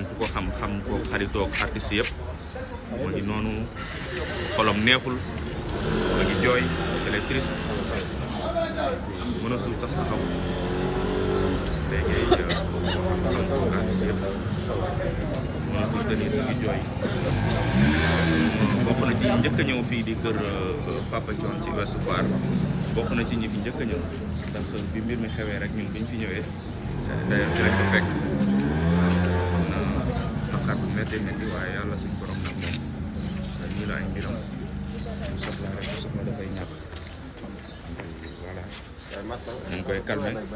moom ku ko xam-xam ko xaritoog artiste yëpp ma ngi noonu xolam neexul ma ngi jooy très triste mën a suuf sax taxaw léegi euh, xolam ko artiste yëpp mënatul tenir mu ngi jooy bokk na ci njëkk ñëw fii di kër euh, Papa Thione ci Ouest Foire bokk na ci ñi fi njëkk a ñëw ndax bi mbir mi xewee rek ñun biñ fi ñëwee euh, d'ailleurs fi lañ fekk méttee métti waaye yàlla suñu borom nag moom lii laay mbiram soxla rek soxla dafay ñàkk voilà ñu ngi koy calmer nit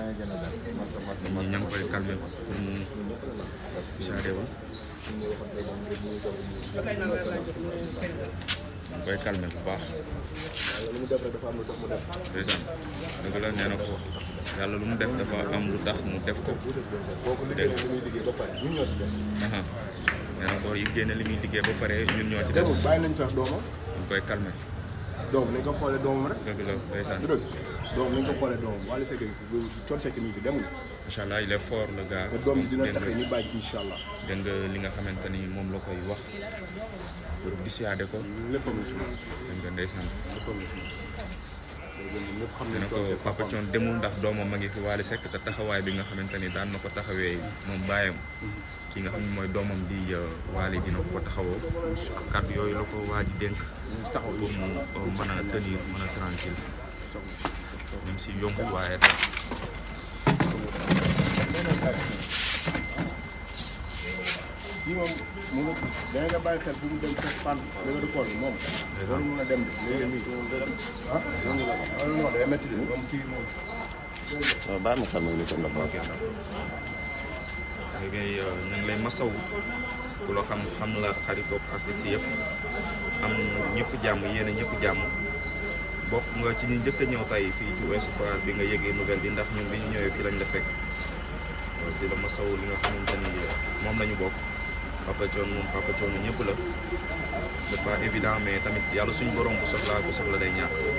ñi ña ngi koy calmer mmh. saare wa ñu koy calmer bu baax dèjà dëgg la nee na ko yàlla lu mu def dafa am lu tax mu def ko dégg nga nee na ko yi génne li muy liggéey ba pare ñun ñoo ci des. dégg bàyyi nañ feex doomam. dañ koy ko xoolee doomam rek. dëgg la ndeysaan dëgg doom ko xoolee doomam Wally Seck coon Seck mi bi demul. incha allah il est fort le gars. te doom dina taxaw ñu allah. dégg li nga xamante ni moom la koy wax pour dissuader ko. léppam la ci moom. dégg nga ndeysaan la ci moom. ñëpp xam nañ ko ne ko Papa Thione demul ndax doomam ma ngi fi Wally Seck te taxawaay bi nga xamante ni daan na ko taxawee moom baayam mm-hmm. ki nga xam ne mooy doomam di euh, Wally dina ko taxawoo kàddu yooyu la ko waa ji dénk pour mu euh, mën a tenir mën a tranquille même si yomb waaye daal mu ngi dana nga bàyyi xel bu mu dem sa fan léegi du kool a dem de léegi ah? ah non day métti de moom kii moom waaw baax na xam nga li ko ndox euh, ñëpp jàmm yéen ñëpp jàmm ci ñi njëkk ñëw tey fii ci Ouest bi nga yëgee nouvelle bi ndax ñun bi ñu ñëwee fii lañ la la masaw li nga moom lañu bokk Papa John moom Papa John ñëpp la c'est pas évident mais tamit yàlla suñu borom bu soxlaa bu soxla day ñàkk.